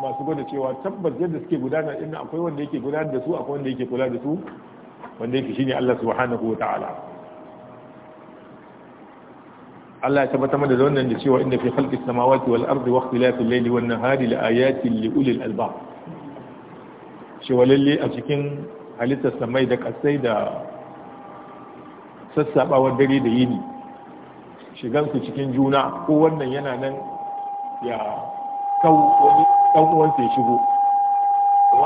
masu gwada cewa tabbas yadda suke gudana inda akwai wanda yake gudanar da su akwai wanda yake kula da su wanda yake shine Allah subhanahu wa ta'ala Allah ya tabbatar da wannan da cewa inda fi khalqis samawati wal ardi wa ikhtilafil layli wan nahari la ayatin li ulil albab cewa lalle a cikin halittar samai da kasai da sassabawar dare da yini shigan su cikin juna ko wannan yana nan ya kau wani ɗan uwan ya shigo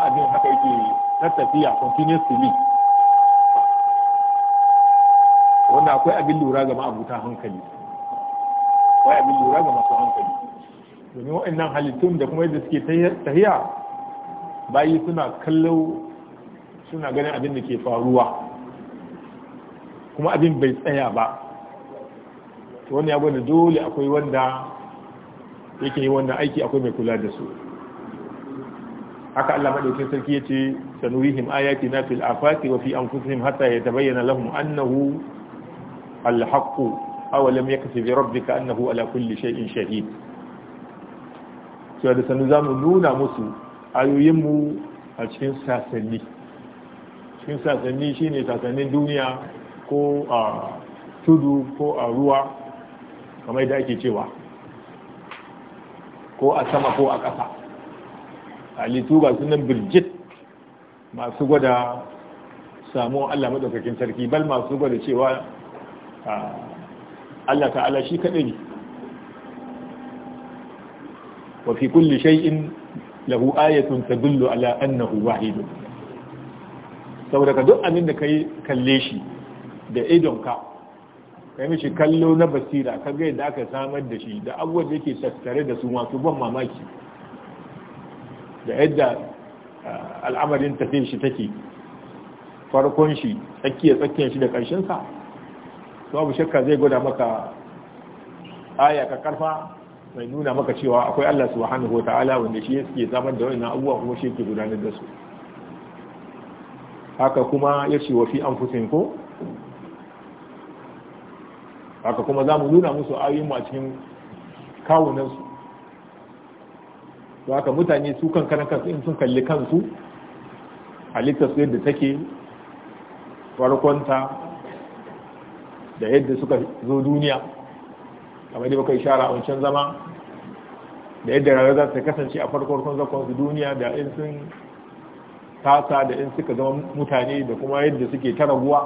abin haka yake ta tafiya continuously wannan akwai abin lura ga ma'abuta hankali akwai abin lura ga masu hankali domin wa'annan halittun da kuma yadda suke tahiya bayi suna kallo suna ganin abin da ke faruwa kuma abin bai tsaya ba wani ya gwada dole akwai wanda yake yi wannan aiki akwai mai kula da su haka Allah madaukin sarki yace sanuhihim ayatina fil afaqi wa fi anfusihim hatta yatabayyana lahum annahu al-haqq aw lam yakfi bi rabbika annahu ala kulli shay'in shahid cewa da sanu zamu nuna musu mu a cikin sasanni cikin sasanni shine sasannin duniya ko a tudu ko a ruwa kamar da ake cewa ko a sama ko a ƙasa halittu ga sunan birjit masu gwada samuwan Allah maɗaukakin sarki bal masu gwada cewa Allah ta'ala shi kaɗai ne wa fi kulli shay'in lahu ayatun tadullu ala annahu wahidun saboda ka duk abin da ka yi kalle shi da idon ka yi mishi kallo na basira ka gai da aka samar da shi da abubuwan da yake tattare da su masu ban mamaki da yadda al'amarin tafiye shi take farkon shi tsakiyar tsakiyar shi da ƙarshensa abu shakka zai gwada maka aya ka karfa mai nuna maka cewa akwai Allah subhanahu wa ta'ala wanda shi yake samar da wannan abubuwa kuma shi yake gudanar da su haka kuma ya ce wa fi fusin ko haka kuma za mu nuna musu ayoyin mu a cikin kawunansu to haka mutane su kan karan kansu in sun kalli kansu halittar su yadda take farkonta da yadda suka zo duniya kamar da baka ishara a wancan zama da yadda rayuwa za ta kasance a farkon zakon su duniya da in sun tasa da in suka zama mutane da kuma yadda suke tara raguwa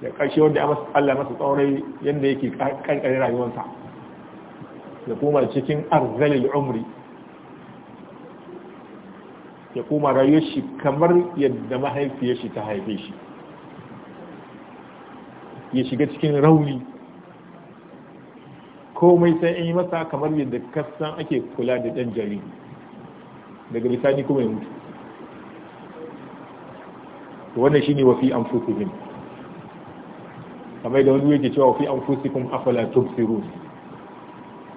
da ƙarshe wanda Allah masa tsaurai yadda yake ƙanƙarin rayuwarsa ya koma cikin arzalil umri ya koma rayuwar shi kamar yadda mahaifiyar shi ta haife shi ya shiga cikin rauni komai sai an yi masa kamar yadda kasan ake kula da ɗan jariri daga bisani kuma ya mutu wannan shi ne wafi an fukuhin kamar da wani yake cewa wafi an fusikun afalatun tubsirun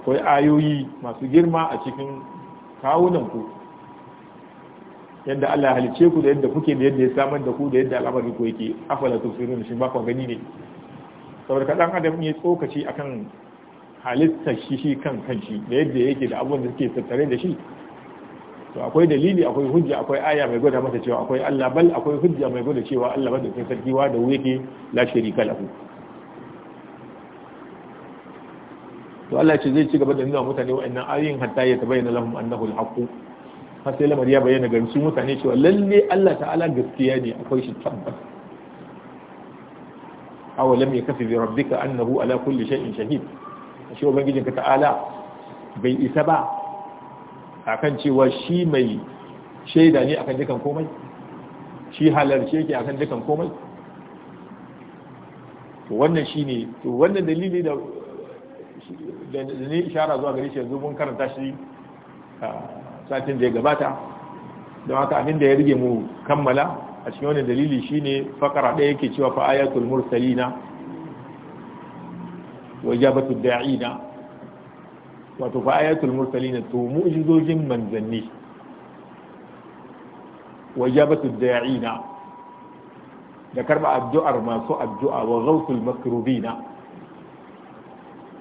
akwai ayoyi masu girma a cikin kawunanku ku yadda Allah halice ku da yadda kuke da yadda ya samar da ku da yadda al'amari ku yake afala tufirin shi ba gani ne saboda kadan adam ya tsokaci akan halittar shi shi kan kanshi da yadda yake da abubuwan da suke tattare da shi to akwai dalili akwai hujja akwai aya mai gwada mata cewa akwai Allah bal akwai hujja mai gwada cewa Allah da sarki wa da yake la shirika lahu to Allah ce zai ci gaba da nuna mutane wa'annan ayoyin hatta ya tabayyana lahum annahu al-haqq har sai lamar ya bayyana ga su mutane cewa lalle Allah ta'ala gaskiya ne akwai shi tabbas aw lam yakfi bi rabbika annahu ala kulli shay'in shahid shi ubangijin ka ta'ala bai isa ba akan cewa shi mai shaida ne akan dukan komai shi halarce ke akan dukan komai to wannan shine to wannan dalili da da ni ishara zuwa gari shi yanzu mun karanta shi satin da ya gabata don haka abin da ya rige mu kammala a cikin wani dalili shine fakara ɗaya yake cewa fa ayatul mursalina wa ijabatu da'ina wato fa ayatul mursalina to mu'jizojin manzanni wa ijabatu da'ina da karba addu'ar masu addu'a wa ghawtul makrubina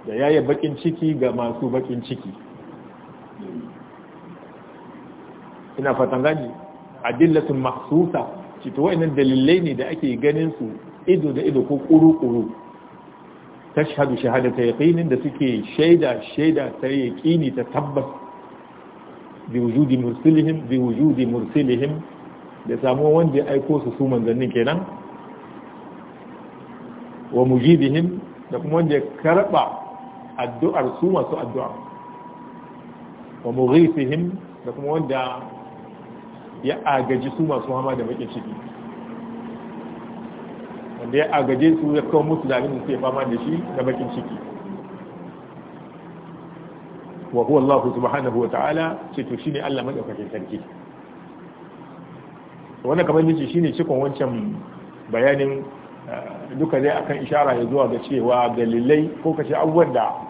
da yi bakin ciki ga masu bakin ciki ina fatan gani adillatun mahsusa cito wa'annan dalilai ne da ake ganin su ido da ido ko kuru-kuru tashhadu shahadata yaqinin da suke shaida shaida ta yaqini ta tabbas bi wujudi mursilihim bi wujudi mursilihim da samu wanda ya aiko su su manzannin kenan wa mujibihim da kuma wanda ya karba addu'ar su masu addu'a wa mughithihim da kuma wanda ya agaji su masu hama da bakin ciki wanda ya agaje su ya kawo musu da abin da fama da shi da bakin ciki wa huwa Allah subhanahu wa ta'ala ce to shine Allah madaukakin sarki wannan kamar nace shine cikon wancan bayanin eh, duka dai akan ishara ya zuwa ga cewa dalilai ko kace abubuwan da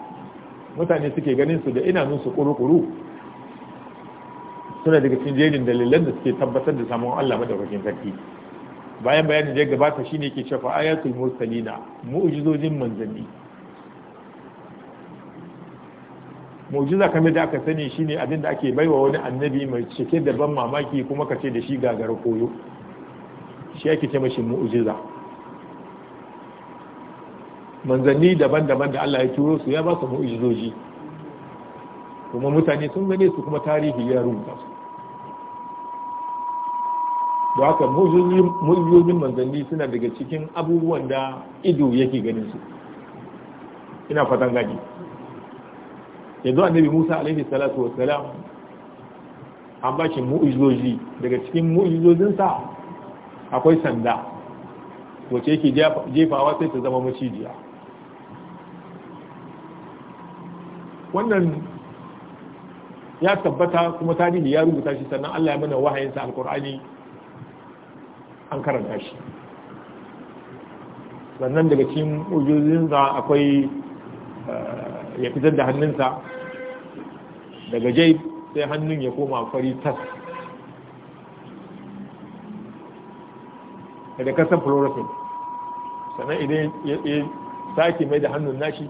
mutane suke ganin su da idanunsu kuru-kuru suna daga cikin jerin dalilan da suke tabbatar da samun Allah madaukakin sarki bayan bayanin da ya gabata shine ke shafa ayatul mursalina mu'jizojin manzanni mu'jiza kamar da aka sani shine abin da ake baiwa wani annabi mai cike da ban mamaki kuma kace da shi gagara koyo shi ake ce mashi mu'jiza manzanni daban-daban da Allah ya turo su ya ba su mu'ujizoji kuma mutane sun gane su kuma tarihi ya rubuta su da haka mu'ujizojin manzanni suna daga cikin abubuwan da ido yake ganin su ina fatan gaji yanzu annabi Musa alaihi salatu salam an ba shi mu'ujizoji daga cikin mu'ujizozinsa akwai sanda wace yake jefawa sai ta zama macijiya wannan ya tabbata kuma tarihi ya rubuta shi sannan Allah ya mana wahayinsa alkur'ani an karanta shi sannan daga cikin ujuzinsa akwai eh, ya fitar da hannunsa daga jai sai hannun ya koma fari tas da kasar fluorescent sannan idan ya sake mai da hannun nashi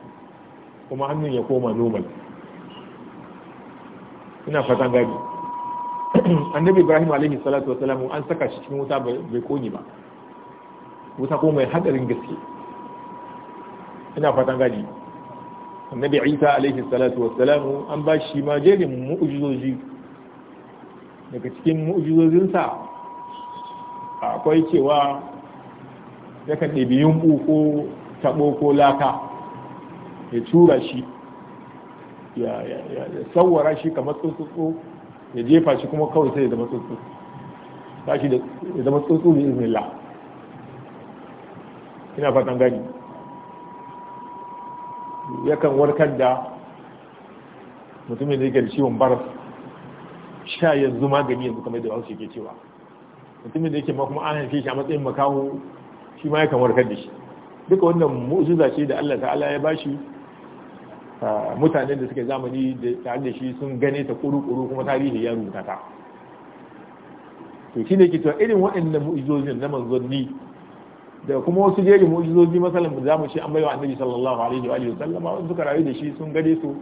kuma hannun ya koma normal ina fatan gani annabi ibrahim alaihi salatu wa salam an saka shi cikin wuta bai koni ba wuta ko mai hadarin gaske ina fatan gani annabi isa alaihi salatu wa salam an ba shi ma jerin mu'ujizoji daga cikin sa akwai cewa yakan ɗabi yunƙu ko taɓo ko laka ya tura shi ya tsawara shi kamar tsutsutsu ya jefa shi kuma kawai sai ya zama tsuntsu da izini la ina fatan gani yakan warkar da mutumin da yake da ciwon baras sha yanzu magani yanzu kamar da wasu ke cewa mutumin da yake ma kuma an haife shi a matsayin makaho shi ma yakan warkar da shi duka wannan mu'jiza ce da Allah ta'ala ya bashi mutanen da suke zamani da tare da shi sun gane ta kuru-kuru kuma tarihi ya rubuta ta to shine ke to irin waɗannan mu'izozin na manzanni da kuma wasu jerin mu'izozi masalan da zamu ce an wa annabi sallallahu alaihi wa alihi sallama wasu suka rayu da shi sun gade su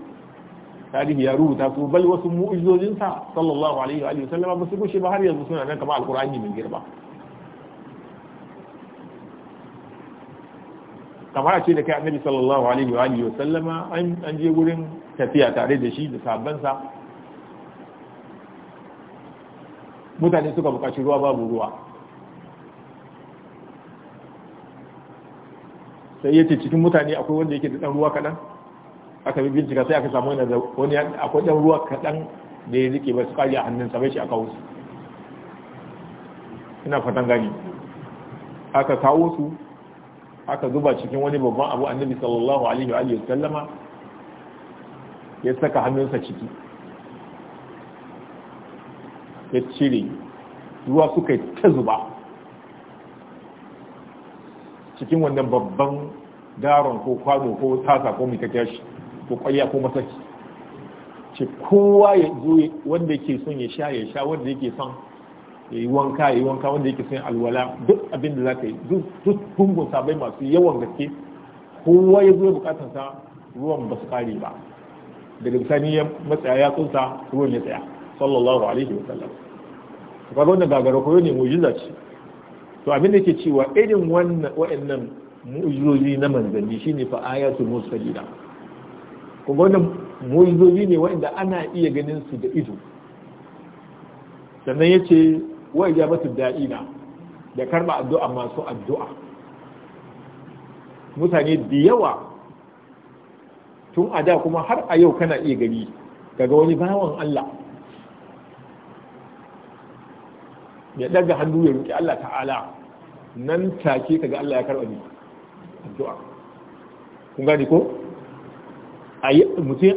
tarihi ya rubuta su bal wasu mu'izozin sa sallallahu alaihi wa alihi sallama ba su gushe ba har yanzu suna nan kamar alqur'ani mai girma kamar a ce da kai annabi sallallahu alaihi wa alihi wa sallama an je wurin tafiya tare da shi da sabbansa mutane suka buƙaci ruwa babu ruwa sai yace cikin mutane akwai wanda yake da dan ruwa kadan aka bi bincika sai aka samu wani akwai dan ruwa kadan da ya rike ba su kari a sa bai shi aka su ina fatan gani aka kawo su aka zuba cikin wani babban abu annabi sallallahu alaihi wa sallama ya saka hannunsa ciki ya cire ruwa suka yi ta zuba cikin wannan babban daron ko kwano ko tasa ko mikakya shi ko kwaya ko masaki ce kowa ya zo wanda ke son ya sha ya sha wanda yake son yayi wanka yayi wanka wanda yake sayan alwala duk abin da zaka yi duk gungun sabai masu yawan gaske kowa ya zo bukatar sa ruwan ba su kare ba daga bisani ya matsaya ya tsunsa ruwan ya tsaya sallallahu alaihi wa sallam to kaga wannan gagara koyo ne mu'jiza ce to abin da ke cewa irin wannan wa'annan mu'jizozi na manzanni shine fa ayatul mursalina kuma wannan mu'jizozi ne wa'anda ana iya ganin su da ido sannan ya ce Wani ya ijabatu da'ina da karba addu'a masu addu'a mutane da yawa tun a da kuma har a yau kana iya gani daga wani bawan Allah ya daga hannu ya ruki? Allah ta'ala nan take kaga Allah ya karba ni addu'a kun gane ko a yi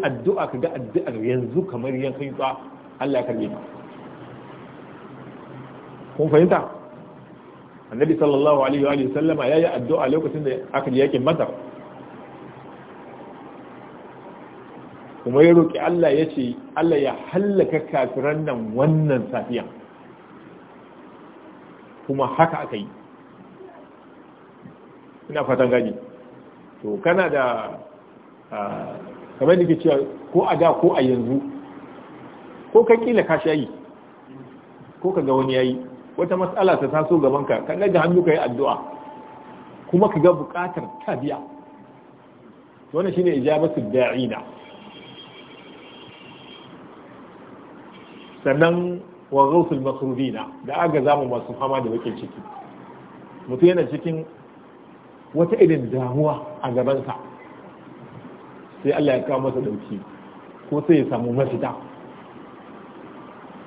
addu'a kaga addu'ar yanzu kamar yankin ba Allah ya karbe ka kun fahimta annabi sallallahu alaihi wa sallama yayi addu'a lokacin da aka ji yakin masar kuma ya roki Allah ya ce Allah ya hallaka kafiran nan wannan safiya kuma haka aka yi ina fatan gani to kana da kamar da ke cewa ko a da ko a yanzu ko kan kila kashi yayi ko ka ga wani yayi wata matsala ta taso gaban ka ka daga hannu ka yi addu'a kuma ka ga bukatar ta biya wannan shine ijabatu da'ina sannan wa masu masrubina da aga zamu masu fama da bakin ciki Mutu yana cikin wata irin damuwa a gabansa sai Allah ya kawo masa dauki ko sai ya samu mafita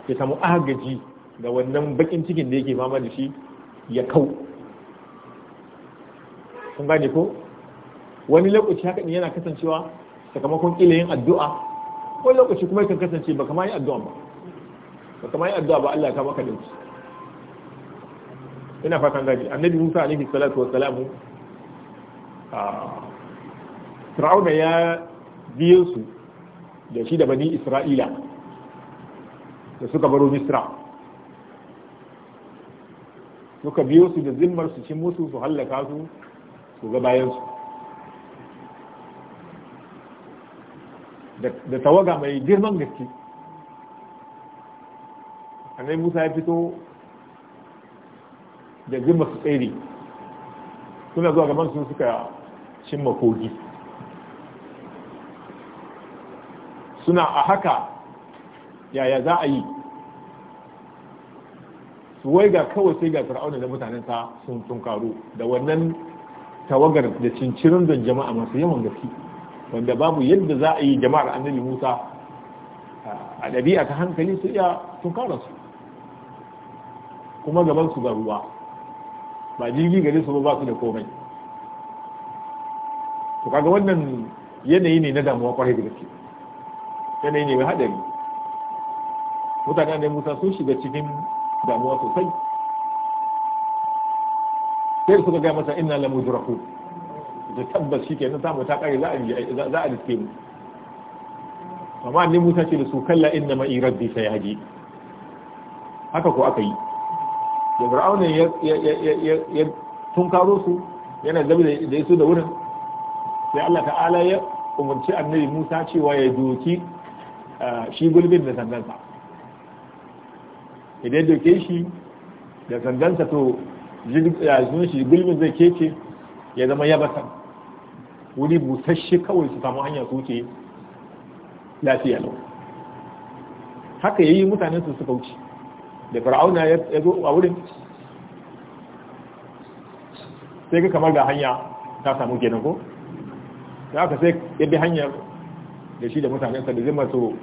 ya samu agaji da wannan bakin cikin da yake fama da shi ya kau Sun gane ko wani lokaci haka ne yana kasancewa sakamakon kila yin addu'a wani lokaci kuma yakan kasance ba ma yi addu'a ba Ba kama yi addu'a ba Allah ya kama ka ina fatan gaji annabi Musa alaihi salatu wa salamu Fir'auna ya biyo su da shi da bani Isra'ila da suka baro Misra suka biyo su da zimmar su ci musu su hallaka su su ga bayan da tawaga mai girman gaske annai musa ya fito da zimmar su tsere suna zuwa gaban su suka cimma kogi suna a haka yaya za a yi su ga kawai sai ga fir'auna da sa sun sun karu da wannan tawagar da cincirin don jama'a masu yawan gaske wanda babu yadda za a yi jama'ar annabi musa a ɗabi'a ta hankali su iya kara su kuma gaban su ga ruwa ba jirgi gare su ba su da komai to kaga wannan yanayi ne na damuwa kwarai da gaske yanayi ne mai haɗari mutane da musa sun shiga cikin damuwa sosai sai suka gaya masa ina lamu jiraku da tabbas shi kenan samu ta kare za a za a riske mu amma ni Musa ce da su kalla inna ma rabbi sayahdi haka ko aka yi da fir'auna ya tun karo su yana zabi da su da wurin sai Allah ta'ala ya umarci annabi Musa cewa ya doki ah, shi gulbin da sandansa idan doke shi da gangansa to yanzu shi gulmin zai kece ya zama yabasa wuri busasshe kawai su samu hanya su lafiya lau haka yayi mutanen su suka wuce da fir'auna ya zo a wurin sai ka kamar da hanya ta samu kenan ko da aka sai ya bi hanyar da shi da mutanen sa da zai masu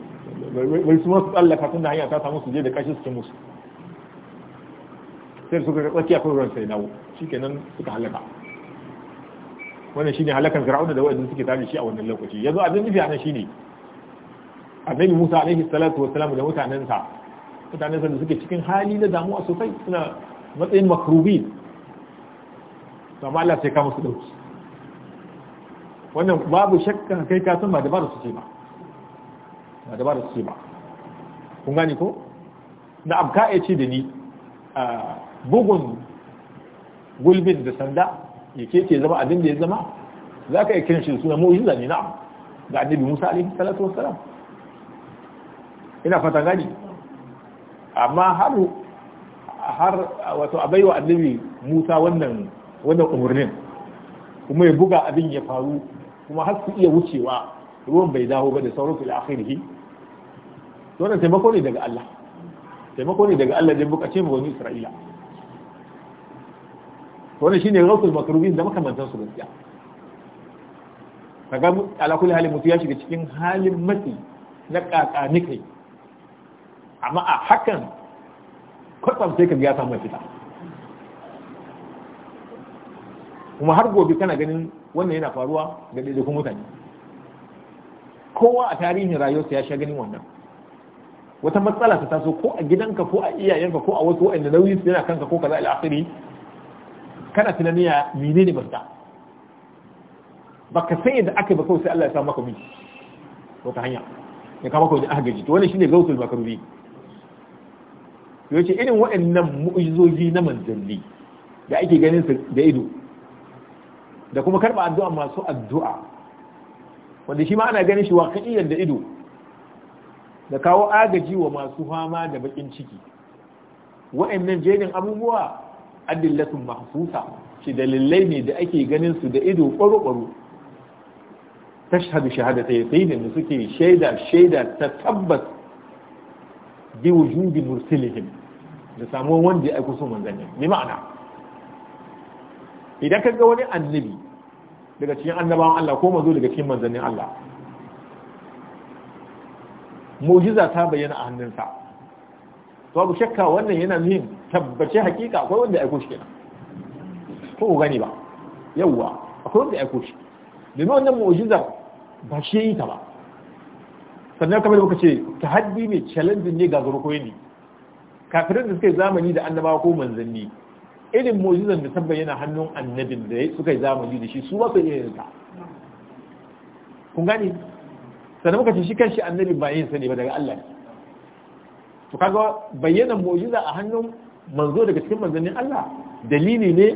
wani su masu tsallaka tun da hanya ta samu su je da kashi su musu sai suka ga tsakiya kawai ruwan sai nawo shikenan suka halaka wannan shine halakan fir'aun da wa'anda suke tare shi a wannan lokaci yanzu abin nufi anan shine annabi Musa alaihi salatu wassalam da mutanensa mutanensa da suke cikin hali na damuwa sosai suna matsayin makrubi amma Allah sai ka musu dauki wannan babu shakka kai ka san ba da su ce ba ba da su ce ba kun gani ko na abka ya ce da ni ah, bugun gulbin da sanda ya keke zama abin da ya zama za ka iya kiran suna mu'jiza ne na'am ga annabi Musa alaihi salatu wassalam ina fata gani amma har har wato a baiwa annabi Musa wannan wannan umurnin kuma ya buga abin ya faru kuma har su iya wucewa ruwan bai dawo ba da sauran fil akhirih to wannan taimako ne daga Allah taimako ne daga Allah da bukace mu wani Isra'ila wannan shine rawsul makrubin da makamantan su gaskiya kaga ala kulli hali mutiya ya shiga cikin halin matsi na kaka nikai amma a hakan kwatsam sai ka ya samu fita kuma har gobe kana ganin wannan yana faruwa ga ɗaiɗaikun mutane kowa a tarihin rayuwarsa ya sha ganin wannan wata matsala ta taso ko a gidanka ko a iyayenka ko a wasu wa'anda nauyi su yana kanka ko kaza al'akhiri kana tunaniya ya mene ne mafita baka san yadda aka ba kawai sai Allah ya samu maka miji wata hanya ya kama ka wajen aka gaji to wannan shine gautul makaruri yace irin waɗannan mu'jizoji na manzanni da ake ganin su da ido da kuma karba addu'a masu addu'a wanda shi ma ana ganin shi waƙiyyar da ido da kawo agaji wa masu fama da bakin ciki waɗannan jerin abubuwa adillatun mahsusa shi dalilai ne da ake ganin su da ido ƙwaro-ƙwaro tashhadu shahada ta yi da suke shaida shaida ta tabbas bi wujudi mursilihim da samuwan wanda ya aiko su manzanni bi ma'ana idan ka ga wani annabi daga cikin annabawan Allah ko mazo daga cikin manzannin Allah mu'jiza ta bayyana a hannunsa abu shakka wannan yana muhimmi tabbace hakika akwai wanda ya aiko shi kenan ko ku gani ba yawwa akwai wanda ya aiko shi domin wannan mu'ujiza ba shi yi ta ba sannan kamar da muka ce haddi ne challenging ne ga zurko ne kafirin da suka yi zamani da annabawa ko manzanni irin mu'ujizan da tabbai yana hannun annabin da suka yi zamani da shi su ba su iya yin ta kun gani sannan muka ce shi kanshi annabin ba yin sani ne ba daga Allah to kaga bayyana mu'ujiza a hannun manzo daga cikin manzannin Allah dalili ne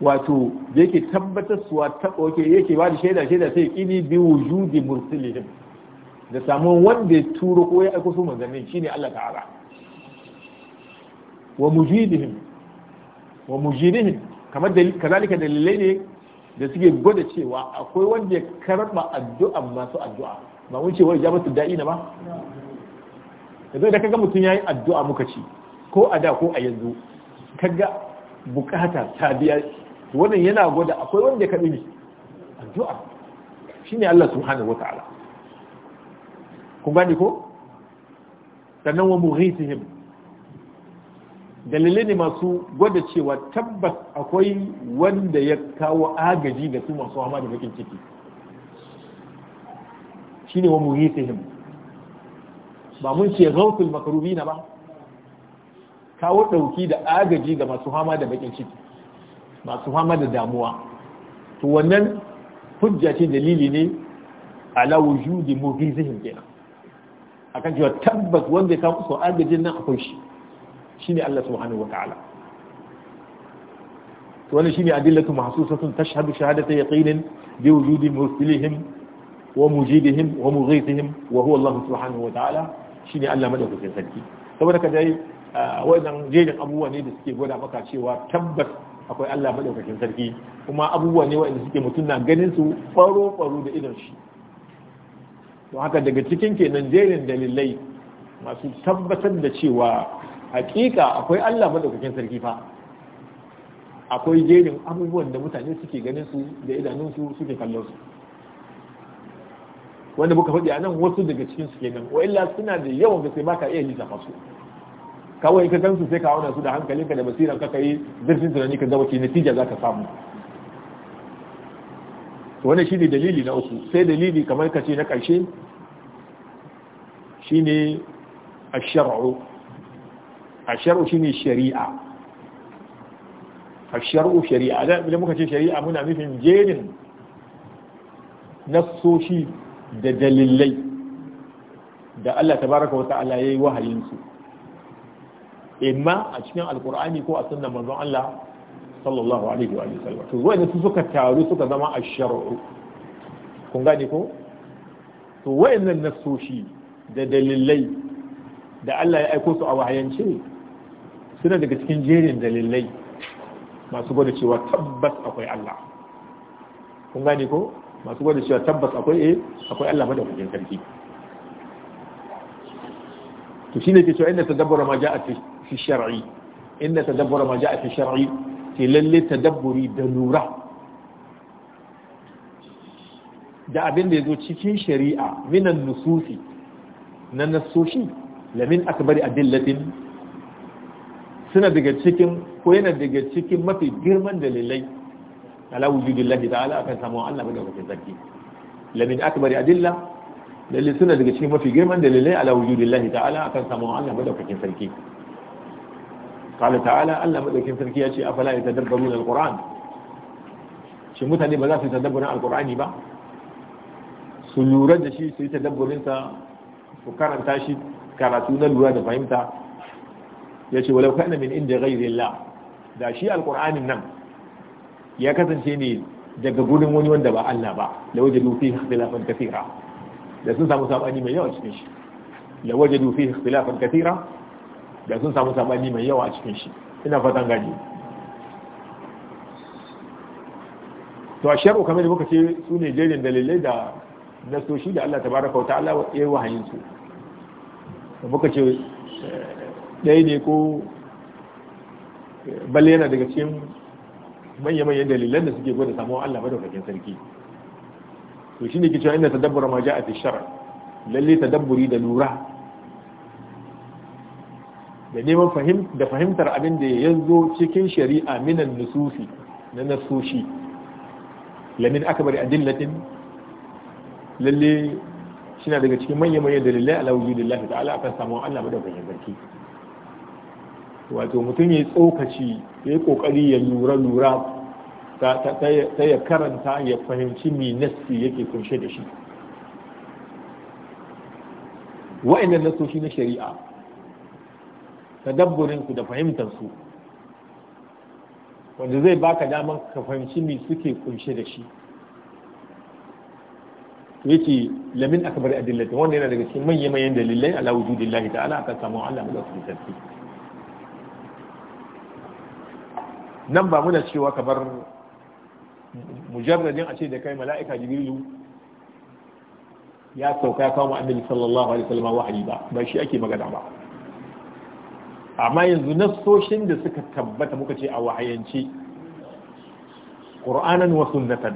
wato da yake tabbatar suwa ta oke yake ba da shaida shaida sai ƙini bi wujudi mursilihim da samun wanda ya turo ko ya aiko su manzannin shine Allah ta'ala wa mujidihim wa mujidihim kamar kazalika dalilai ne da suke gwada cewa akwai wanda ya karba addu'a masu addu'a ba mun ce wai ja musu da'ina ba yanzu da kaga mutum yayi addu'a muka ci ko a da ko a yanzu kaga bukata ta biya wannan yana gwada akwai wanda ya ni. addu'a shine Allah subhanahu wata'ala Ku gani ko sannan wa mughithihim dalilai ne masu gwada cewa tabbas akwai wanda ya kawo agaji ga su masu hama da bakin ciki shine wa mughithihim ba mun ce ghawtul makrubina ba kawo ɗauki da agaji ga masu fama da bakin ciki masu fama da damuwa to wannan hujja ce dalili ne ala wujudi mughizihim kenan akan cewa tabbas wanda ya kawo su agajin nan akwai shi shine Allah subhanahu wataala to wannan shine adillatu mahsusatun tashhadu shahadata yaqinin bi wujudi mursilihim wa mujidihim wa mughithihim wa huwa Allah subhanahu wataala shine Allah madaukakin sarki saboda ka dai wannan jerin abubuwa ne da suke gwada maka cewa tabbas akwai Allah madaukakin sarki kuma abubuwa ne waɗanda suke mutum na ganin su faro faro da idon shi don haka daga cikin kenan jerin dalilai masu tabbatar da cewa hakika akwai Allah madaukakin sarki fa akwai jerin abubuwan da mutane suke ganin su da idanunsu suke kallon su wanda muka faɗi a nan wasu daga cikin su kenan wa illa suna da yawan gaske ba ka iya lissafa su kawai ka gansu sai ka auna su da hankalinka da basiran ka yi zirfin tunani ka ga wace natija za ka samu shi ne dalili na uku sai dalili kamar ka ce na karshe ne a sharu a sharu ne shari'a a sharu shari'a da muka ce shari'a muna nufin jerin nassoshi da dalilai da Allah baraka wa ta'ala yayi wahayin su imma a cikin alkur'ani ko a sunnan manzon Allah sallallahu alaihi wa sallam to wanda su suka taru suka zama ash-shar'u kun gane ko to wayannan nasoshi da dalilai da Allah ya aiko su a wahayance suna daga cikin jerin dalilai masu gwada cewa tabbas akwai Allah kun gane ko masu gwada cewa tabbas akwai eh akwai Allah madaukakin sarki to shine ke cewa inda tadabbara ma ja'a fi fi shar'i inda tadabbura ma ja'a fi shar'i ke lalle tadabburi da lura da abin da ya zo cikin shari'a minan nususi na nasoshi lamin akbari adillatin suna daga cikin ko yana daga cikin mafi girman dalilai ala wujudu wujudillahi ta'ala akan samu Allah ba da wakil zarki lamin akbari adilla lalle suna daga cikin mafi girman dalilai ala wujudu wujudillahi ta'ala akan samu Allah ba da wakil sarki qala ta'ala Allah madaukin sarki ya ce afala yatadabbaruna alquran shi mutane ba za su tadabburin alqurani ba su lura da shi su yi tadabburin sa su karanta shi karatu na lura da fahimta ya ce walau kana min inda ghairillah da shi alqur'anin nan ya kasance ne daga gurin wani wanda ba Allah ba la wajadu fihi ikhtilafan kathira da sun samu sabani mai yawa cikin shi la wajadu fihi ikhtilafan kathira da sun samu sabani mai yawa a cikin shi ina fatan gani to a sharu kamar da muka ce su ne jerin dalilai da nasoshi da Allah tabaraka wa ta'ala ya yi wahayin su da muka ce eh, ɗaya ne ko eh, balle yana daga cikin manya-manyan dalilan da suke gwada samuwa Allah madaukakin sarki to shi ne kicin inda tadabbura ma ja a fi shara lalle tadabburi da lura da neman da fahimtar abin da ya zo cikin shari'a minan nususi na nasoshi lamin akbar adillatin lalle shina daga cikin manyan manyan dalilai ala lafi ta'ala akan samu Allah madaukakin sarki wato mutum ya tsokaci ya yi kokari ya lura lura ta ya karanta ya fahimci mi nasi yake kunshe da shi wa'annan nasoshi na shari'a tadabburinku da fahimtar su wanda zai baka damar ka fahimci me suke kunshe da shi yake lamin akbar adillati wanda yana daga cikin manyan manyan dalilai ala wujudillahi ta'ala aka samu Allah mu da tafi nan ba muna cewa kamar mujarradin a ce da kai mala'ika jibrilu ya sauka ya kawo annabi sallallahu alaihi wasallam wahayi ba ba shi ake magana ba amma yanzu nassoshin da suka tabbata muka ce a wahayanci ƙur'anan wasu sunnatan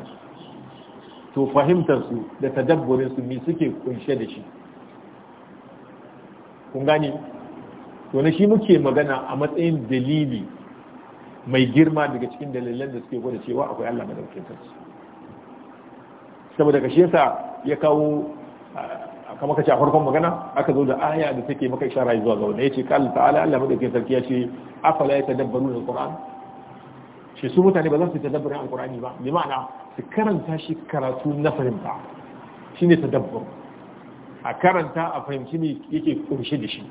to fahimtar su da tadabburin su me suke kunshe da shi kun gani to na shi muke magana a matsayin dalili mai girma daga cikin dalilan da suke gwada cewa akwai Allah madaukakin saboda ka shesa ya kawo kamar kace a farkon magana aka zo da aya da take maka ishara zuwa ga wannan yace qala ta'ala Allah madaukakin sarki ya yace afala yatadabbaruna alquran shi su mutane ba za su tadabbara alqurani ba bi ma'ana su karanta shi karatu na fahimta shine tadabbur a karanta a fahimci me yake kunshe da shi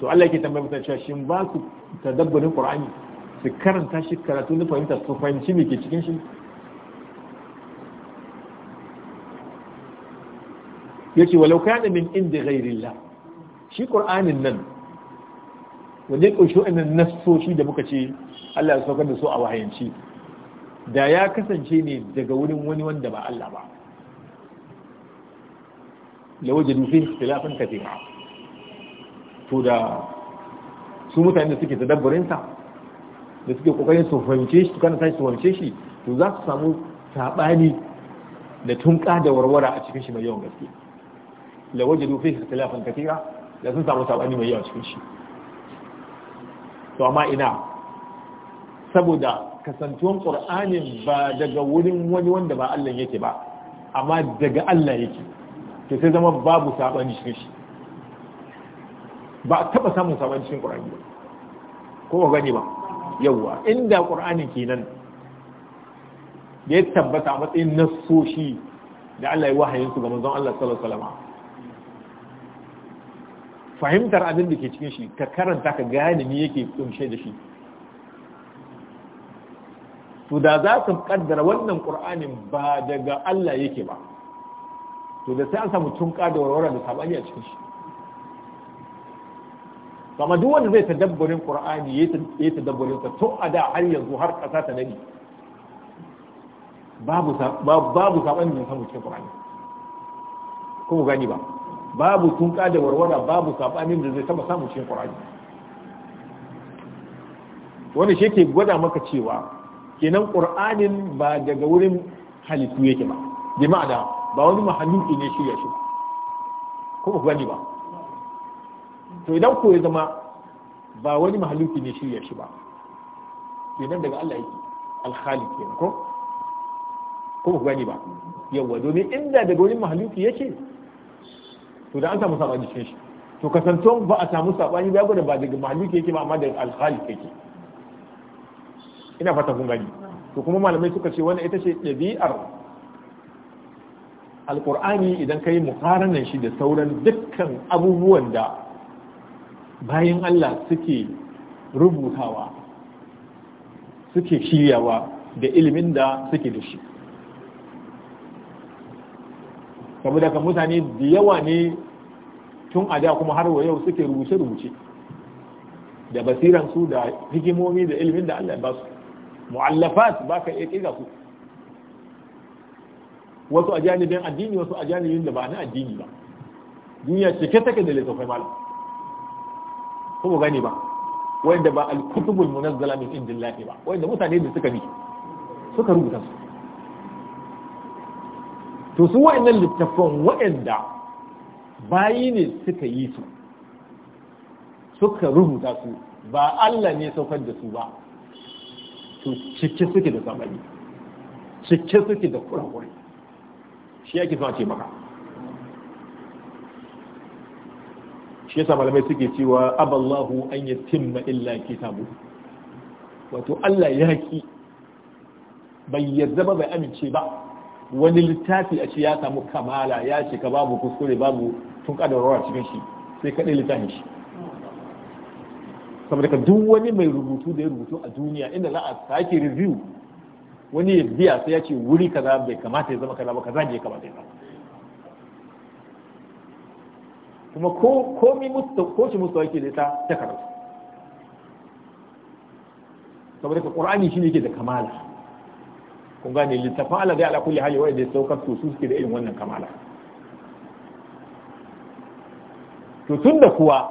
to Allah yake tambaye mutane cewa shin ba su tadabbarin qur'ani su karanta shi karatu na fahimta su fahimci me ke cikin shi yace walau kana min inda ghairillah shi qur'anin nan wanda ya annan wannan shi da muka ce Allah ya saukar da su a wahayanci da ya kasance ne daga wurin wani wanda ba Allah ba lawajadu fi ikhtilafan kathira to da su mutane da suke tadabburin sa da suke kokarin su fahimce shi kana sai su fahimce shi to za su samu sabani da tunka da warwara a cikin shi mai yawan gaske la wajadu fihi ikhtilafan kathira da sun samu sabani mai yawa cikin shi to amma ina saboda kasantuwan qur'anin ba daga wurin wani wanda ba Allah yake ba amma daga Allah yake to sai zama babu sabani cikin shi ba taba samun sabani cikin ƙur'ani ba ko ba gani ba yawa inda qur'ani kenan da ya tabbata a matsayin nassoshi da Allah ya wahayin su ga manzon Allah sallallahu alaihi wasallam fahimtar abin da ke cikin shi ka karanta ka gane ne yake kunshe da shi to da za ka kaddara wannan qur'anin ba daga Allah yake ba to da sai an samu tun da warwara da sabani a cikin shi kuma duk wanda zai tadabburin qur'ani yayi tadabburin sa tun a da har yanzu har kasa ta nadi babu babu sabani ne samu cikin qur'ani ko gani ba babu tunka da warwara babu sabanin da zai taba samu cikin qur'ani wani shi ke gwada maka cewa kenan qur'anin ba daga wurin halittu yake ba bi ma'ana ba wani mahalluki ne shirya shi ko ba gani ba to idan ko ya zama ba wani mahalluki ne shirya shi ba kenan daga Allah yake alhali kenan ko ko ba gani ba yawa domin inda daga wani mahalluki yake to da an samu sabani cikin shi to kasantuwan ba a samu sabani ba gwada ba daga mahalik yake ba amma daga alkhali yake ina fata kun gani to kuma malamai suka ce wannan ita ce dabi'ar alkur'ani idan ka yi muqaranan shi da sauran dukkan abubuwan da bayan Allah suke rubutawa suke shiryawa da ilimin da suke da shi saboda ka mutane da yawa ne tun a da kuma har wa yau suke rubuce-rubuce da basiransu da hikimomi da ilimin da Allah ya ba su mu'allafat ba ka iya ƙiga su wasu a janibin addini wasu a janibin da ba na addini ba duniya cike take da littafai malam kuma gani ba wanda ba al-kutubul munazzala min indillahi ba wanda mutane da suka bi suka rubuta su to su wa'annan littafan wa'anda bayi ne suka yi su suka rubuta su ba Allah ne saukar da su ba to cike suke da zamani, cike suke da kurakuri shi yake zuwa ce maka shi yasa malamai suke cewa aballahu an timma illa kitabu wato Allah ya ki bai yarda ba bai amince ba wani littafi a ce ya samu kamala ya ka babu kuskure babu tun da rawa cikin shi sai kaɗai littafin shi saboda ka duk wani mai rubutu da ya rubutu a duniya inda za a sake review wani ya biya sai ya ce wuri kaza bai kamata ya zama kaza ba kaza ya kamata ya zama kuma ko musta ko shi musta yake da ita ta karatu saboda ka qur'ani shine yake da kamala kun gane littafin Allah zai ala kulli hali wanda ya saukar to su suke da irin wannan kamala to tun da kuwa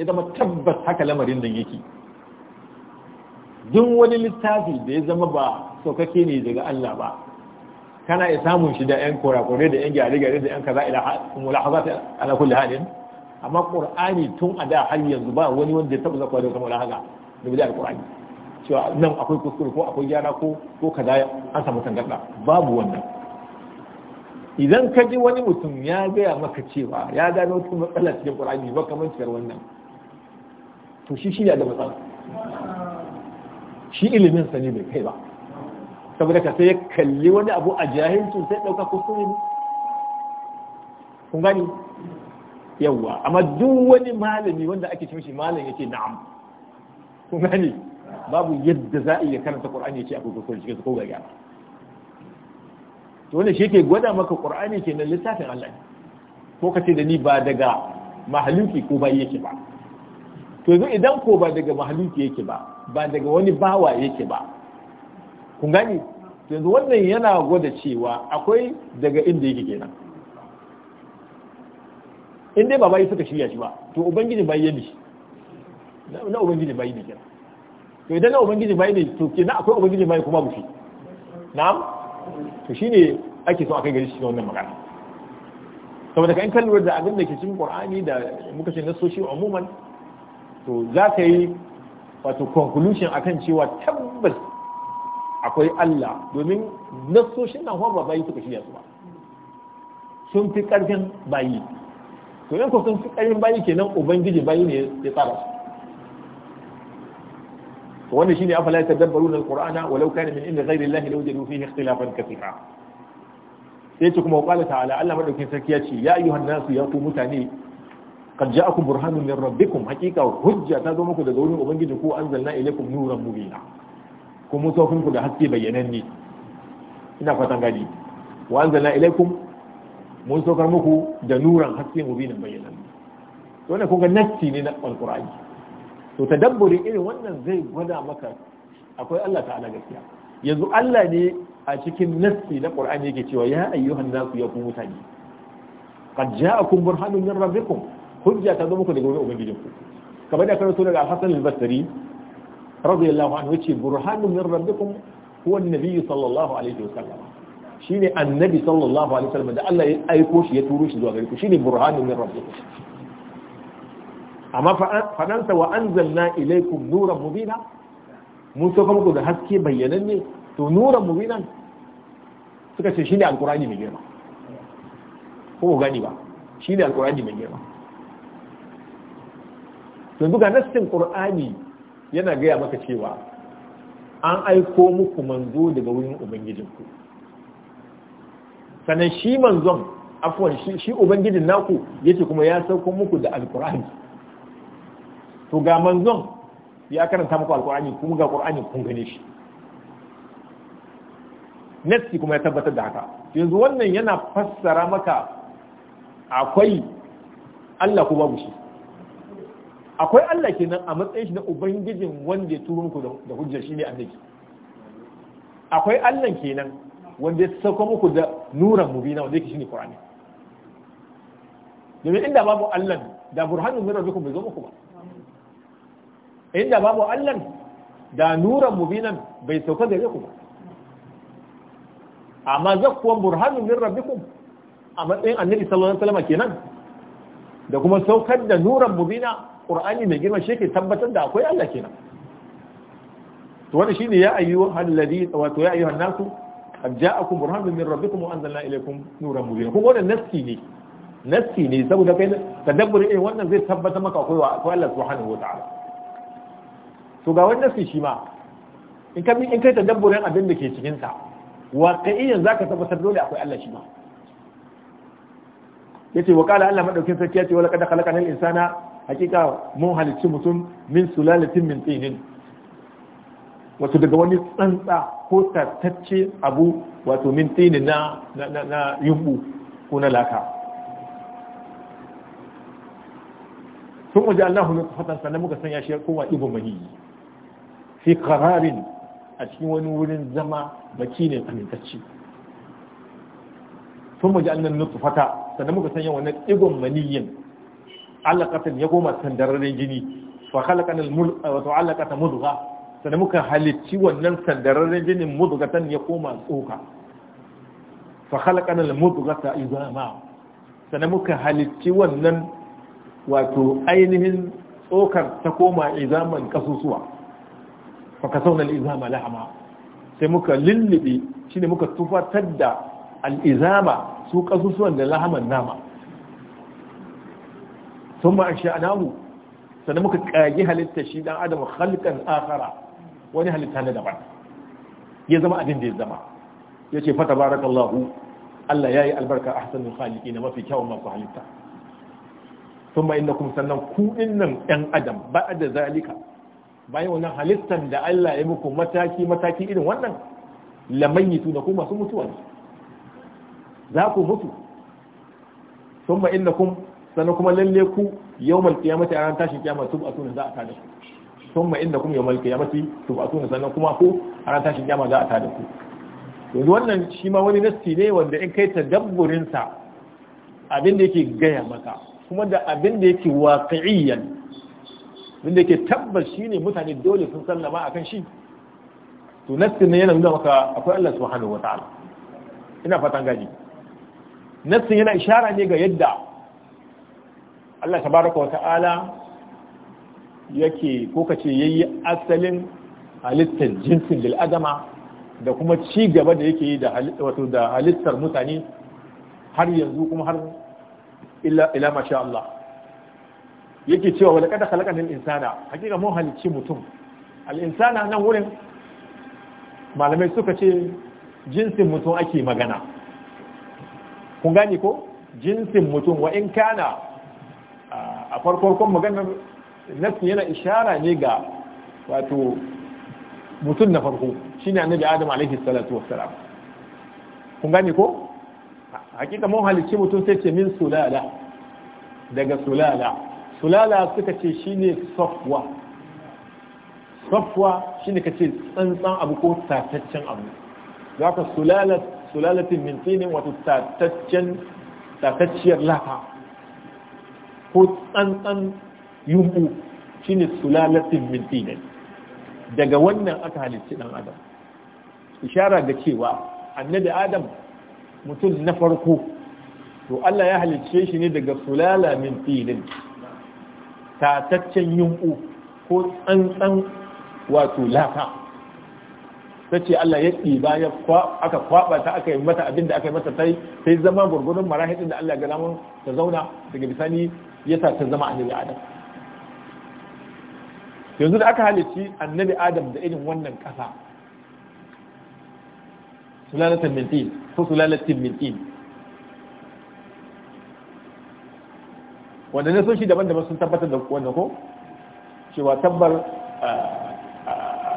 ya zama tabbas haka lamarin da yake duk wani littafi da ya zama ba saukake ne daga Allah ba kana iya samun shi da yan kurakurai da yan gyare-gyare da yan kaza ila mulahazat ala kulli halin amma qur'ani tun a da har yanzu ba wani wanda ya taba zakwa da kamar haka da bi da qur'ani cewa nan akwai kuskure ko akwai gyara ko ko kaza an samu tangarda babu wannan idan ka ji wani mutum ya gaya maka cewa ya gano wata matsala cikin qur'ani ba kamar ciyar wannan to shi shi ne da matsala shi ilimin sa ne bai kai ba saboda ka sai kalli wani abu a jahilci sai dauka kuskure ne kun gani yawa amma duk wani malami wanda ake cin shi malami yake na'am kun gani babu yadda za a iya karanta qur'ani ya ce akwai kuskure cikin ko ga gyara to wannan shi ke gwada maka qur'ani ke nan littafin Allah ne ko ka ce da ni ba daga mahaluki ko ba yake ba to yanzu idan ko ba daga mahaluki yake ba ba daga wani bawa yake ba kun gani to yanzu wannan yana gwada cewa akwai daga inda yake kenan in dai ba bayi suka shirya shi ba to ubangiji bayi ne na ubangiji yi ne kenan to idan na ubangiji bai ne to na akwai ubangiji bai kuma bushi na'am to shine ake so akai gari shi wannan magana saboda kan kan lura da abin da ke cikin qur'ani da muka ce nasoshi umuman to za ka yi wato conclusion akan cewa tabbas akwai Allah domin nasoshin nan kuma bayi suka shirya su ba sun fi karfin bayi to yan sun fi karfin bayi kenan ubangiji bayi ne ya tsara su wannan shine afala yatadabbaruna alqur'ana walau kana min inda ghairi allahi lawjadu fihi ikhtilafan kathira sai ce kuma qala ta'ala Allah madaukin sarki ya ce ya ayyuhan nasu ya ku mutane qad ja'akum burhanun min rabbikum haqiqa hujja ta zo muku daga wurin ubangiji ku anzalna ilaykum nuran mubina ku mutofin ku da haske bayyananne ina fatan gadi wa anzalna ilaykum mun saukar muku da nuran haske mubinan bayyananne to ne kun ga nasti ne na alqur'ani to tadabburin irin wannan zai gwada maka akwai Allah ta'ala gaskiya yanzu Allah ne a cikin nassi na Qur'ani yake cewa ya ayyuhan nasu ya kuma mutane qad ja'akum burhanun min rabbikum hujja ta zo muku daga wurin ubangijinku kamar da karanto daga Al-Hasan al-Basri radiyallahu anhu yace burhanun min rabbikum huwa an-nabi sallallahu alaihi wasallam shine annabi sallallahu alaihi wasallam da Allah ya aiko shi ya turo shi zuwa gare ku shine burhanun min rabbikum amma fadansa wa zanna ilaikum nuran mubina mun so muku da haske bayyananne to nuran mubinan suka ce shi ne alkurani mai girma ko ku gani ba ne alkurani mai girma to duka nassin qur'ani yana gaya maka cewa an aiko muku manzo daga wurin ubangijinku sannan shi manzon afuwan shi ubangijin naku yake kuma ya sauko muku da alkurani to ga manzon ya karanta muku alkur'ani kuma ga alkur'ani kun gane shi nassi kuma ya tabbatar da haka yanzu wannan yana fassara maka akwai Allah ko babu shi akwai Allah kenan a matsayin shi na ubangijin wanda ya turo muku da hujja shi ne annabi akwai Allah kenan wanda ya sauka muku da nuran mubina wanda yake shine Qur'ani domin inda babu Allah da burhanu min rabbikum bai zo muku ba inda babu allan, da nuran mubinan bai sauka gare ku ba amma zakkuwan burhanun min rabbikum a matsayin annabi sallallahu alaihi wasallam kenan da kuma saukar da nuran mubina qur'ani mai girma shi ke tabbatar da akwai Allah kenan to wannan shine ya ayyuhal ladhi wato ya ayyuhan nasu qad ja'akum burhanun min rabbikum wa anzalna ilaykum nuran mubina kuma wannan nasti ne nasti ne saboda kai tadabburi eh wannan zai tabbatar maka akwai akwai Allah subhanahu wa ta'ala to ga wani nasi shi ma in ka in kai tadabburin abin da ke cikin sa waqi'iyan zaka tabbatar dole akwai Allah shi ma yace wa qala Allah madaukin sarki yace wala qad khalaqana al-insana hakika mun halicci mutum min sulalatin min tinin wato daga wani tsantsa ko tattacce abu wato min tinin na na yumbu ko na laka sun waje Allah fatan sannan muka sanya shi kowa ibo mahi. fi kararin a cikin wani wurin zama makine amintacce sun mu ji annan fata sannan muka sanya wannan digon maniyyin alaqatan ya goma sandararren jini fa khalaqana al-mul wa ta'allaqata sannan muka halicci wannan sandararren jinin mudghatan ya koma tsoka fa khalaqana al ta izama sannan muka halicci wannan wato ainihin tsokar ta koma izaman kasusuwa fa kasawna izama lahama sai muka shi shine muka tufatar da al'izama su ƙasusuwan da lahaman nama sun ba a sha'anahu sannan muka ƙagi halitta shi dan adam khalqan akhara wani halitta na daban ya zama abin da ya zama yace fa allahu Allah yayi albarka haliki na mafi kyawun masu halitta sun ba innakum sannan ku nan ɗan adam ba da zalika bayan wannan halittar da Allah ya muku mataki mataki irin wannan lamayyitu da kuma masu mutuwa ne za ku mutu sun ba inda kun sannan kuma lalle ku yau malkiyamata a ran tashin kiyama su ba za a tada ku sun ba inda kun yau malkiyamata su ba sannan kuma ku a ran tashin kiyama za a tada ku yanzu wannan shi ma wani nasti ne wanda in kai tadabburinsa abin da yake gaya maka kuma da abin da yake waƙi'iyan wanda yake tabbas ne mutane dole sun sallama akan shi to nassin ne yana nuna maka akwai Allah subhanahu wa ta'ala ina fatan gaji nassin yana ishara ne ga yadda Allah tabaraka wa ta'ala yake ko kace yayi asalin halittar jinsin lil adama da kuma ci gaba da yake yi da wato da halittar mutane har yanzu kuma har illa ila masha Allah yake cewa wani kada khalaqan nan insana hakika mun halicci mutum al insana nan wurin malamai suka ce jinsin mutum ake magana kun gane ko jinsin mutum wa in kana a farkon maganar nasu yana ishara ne ga wato mutum na farko shine annabi adam alaihi salatu wassalam kun gane ko hakika mun halicci mutum sai ce min sulala daga sulala sulala suka ce shine safwa safwa shine kace tsantsan abu ko tataccen abu za sulala sulalatin min tinin wato tataccen tatacciyar lafa ko tsantsan yumbu shine sulalatin min tinin daga wannan aka halicci dan adam ishara ga cewa annabi adam mutum na farko to Allah ya halicce shi ne daga sulala min tinin tataccen yunku ko tsantsan wato laka ta ce Allah ya ɗiba ya aka kwaɓa ta aka yi mata abin da aka yi mata ta yi zama mara marahidin da Allah ga namun ta zauna daga bisani ya sa ta zama annabi Adam yanzu da aka halicci annabi Adam da irin wannan ƙasa sulalatan mintin ko sulalatin mintin wanda na shi daban-daban sun tabbatar da wannan ko cewa tabbar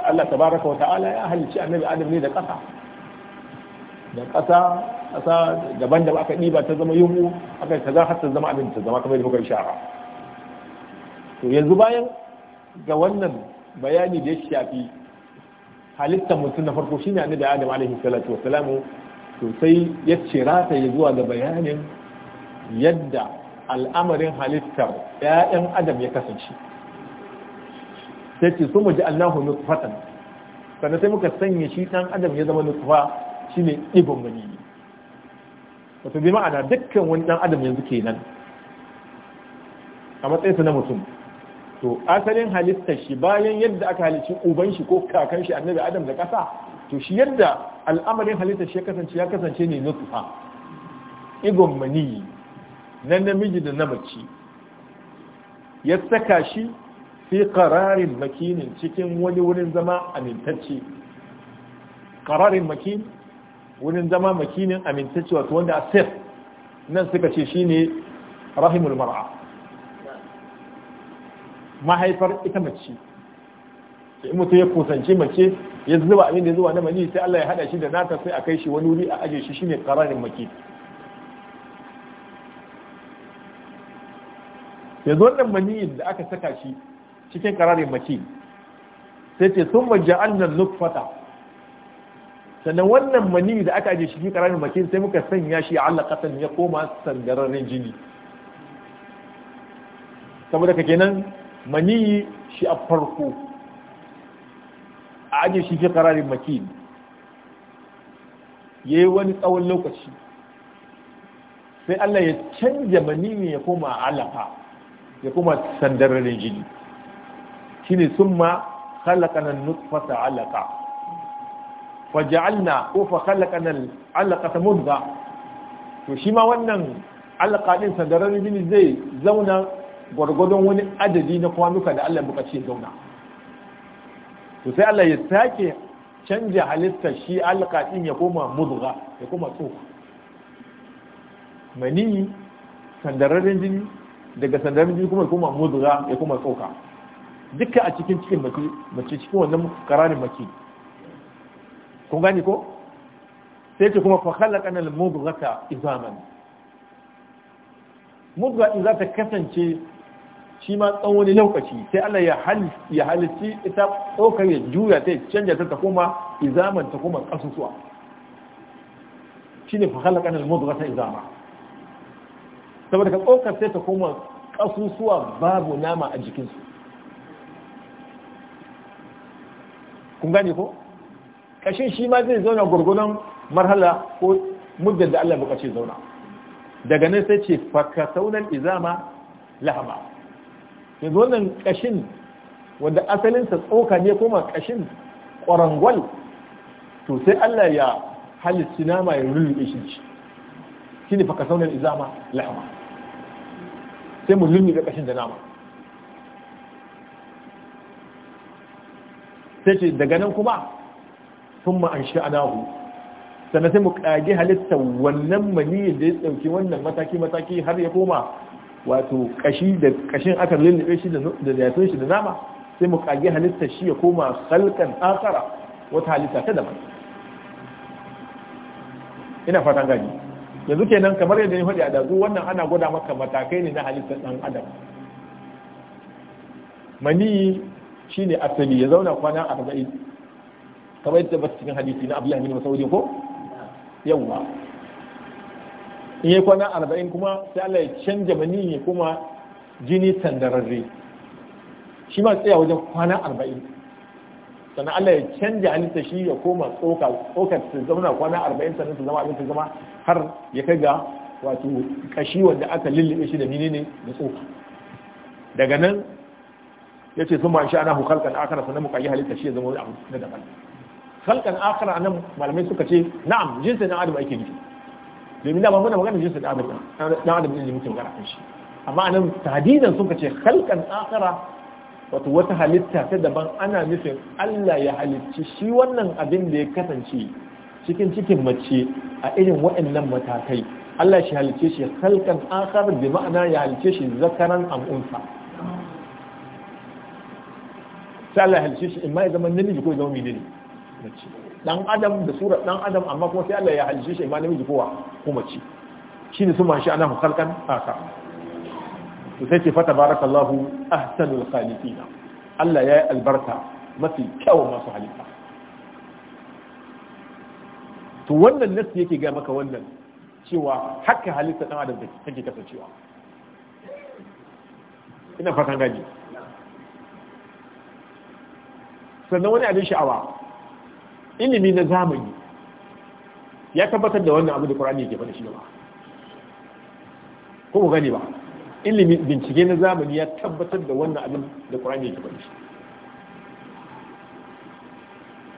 Allah tabaraka wa ta'ala ya halicci annabi adam ne da ƙasa da ƙasa ƙasa daban-daban aka ɗiba ta zama yiwu aka yi kaza har ta zama abin ta zama kamar yadda kuka shara to yanzu bayan ga wannan bayani da ya shafi halittar mutum na farko shine annabi adam alaihi salatu wa salamu to sai ya ce ya zuwa ga bayanin yadda al'amarin halittar ‘ya'yan adam ya kasance sai ce su muji allahu nutfatan sannan sai muka sanya shi ɗan adam ya zama nutfa shi ne gani wato bi ma'ana dukkan wani ɗan adam yanzu kenan a matsayinsa na mutum to asalin halittar shi bayan yadda aka halicci uban shi ko kakan shi annabi adam da ƙasa to shi yadda al'amarin halittar shi ya kasance ya kasance ne nutfa Igon maniyi na namiji da na mace ya saka shi fi kararin makinin cikin wani wurin zama amintacce kararin makin wurin zama makinin amintacce wato wanda a safe nan suka ce shi ne rahimul mar'a mahaifar ita mace sai mutu ya kusanci mace ya zuba abin da zuwa na mani sai Allah ya hada shi da nata sai a kai shi wani wuri a aje shi shi ne kararin makinin yanzu wannan maniyin da aka saka shi cikin kararin maki sai ce sun maja annan nutfata sannan wannan maniyin da aka aje shi cikin kararin maki sai muka sanya shi alaƙatan ya koma sandararren jini saboda kake nan maniyi shi a farko a aje shi cikin kararin maki ya yi wani tsawon lokaci sai Allah ya canja maniyin ya koma alaƙa ya kuma sandarren jini shine summa khalaqana nutfata alaqa faj'alna ko fa khalaqana ta mudgha to shi ma wannan alaqa din sandarren jini zai zauna gwargwadon wani adadi na kwanuka da Allah buka ce zauna to sai Allah ya sake canja halittar shi alaka din ya koma mudgha ya koma tsohu. mani sandararren jini daga sandamin jini kuma ya koma mudura ya koma tsoka dukkan a cikin cikin mace mace cikin wannan karanin mace kun gani ko sai ce kuma fa khalaqa al mudghata izaman mudgha in za ta kasance shi ma tsawon wani lokaci sai Allah ya hal ya halici ita tsokar ya juya ta canja ta ta koma izaman ta koma kasusuwa shine fa khalaqa al mudghata izama saboda ka tsokar sai ta koma ƙasusuwa babu nama a jikinsu kun gane ko kashin shi ma zai zauna gurgunan marhala ko muddin da Allah bukaci zauna daga nan sai ce saunan izama lahama yanzu wannan kashin wanda asalinsa tsoka ne kuma kashin ƙwarangwal to sai Allah ya halittu nama ya rulluɓe shi shi ne saunan izama lahama sai mu lullu da kashin da nama sai ce daga nan kuma sun ma'an sha'anahu sannan sai mu kage halittar wannan maniyin da ya tsauki wannan mataki-mataki har ya koma wato kashin aka lullube shi da zafin shi da nama sai mu kage halittar shi ya koma halkan tsakara wata halitta ta daban ina fatan gani yanzu kenan kamar yadda ya faɗi a dazu wannan ana gwada maka matakai ne na halittar ɗan adam mani shine asali ya zauna kwana arba'in kamar yadda ba cikin hadisi na abu yamin masauri ko yawwa in yi kwana arba'in kuma sai Allah ya canja mani ya kuma jini tandararre shi ma tsaya wajen kwana arba'in sannan Allah ya canja halitta shi ya koma tsoka tsokar su zauna kwana arba'in sannan su zama abin zama har ya kai ga wato kashi wanda aka lullube shi da menene da tsoka daga nan ya ce sun ma'ashi ana hukalkan akara sannan muka yi halitta shi ya zama abu na daban halkan akara nan malamai suka ce na'am jinsin na adam ake nufi domin da ba muna magana jinsin na adam dan adam ne muke magana kan shi amma anan tadidan suka ce halkan akara wato wata halitta ta daban ana nufin Allah ya halicci shi wannan abin da ya kasance cikin cikin mace a irin waɗannan matakai Allah shi halicce shi halkan akar da ma'ana ya halicce shi zakaran am sai Allah halicce shi ma ya zama namiji ko ya zama menene mace dan adam da surar dan adam amma kuma sai Allah ya halicce shi ma namiji ko ko mace shine su ma shi ana halkan akar sai ce fata barakallahu ahsanul khaliqina Allah ya yi albarka mafi kyawun masu halitta to wannan nasi yake ga maka wannan cewa haka halitta ɗan adam take kasancewa ina fatan gani sannan wani abin sha'awa ilimi na zamani ya tabbatar da wannan abu da Qur'ani yake faɗa shi ba ko ku gani ba ilimi bincike na zamani ya tabbatar da wannan abin da Qur'ani yake faɗi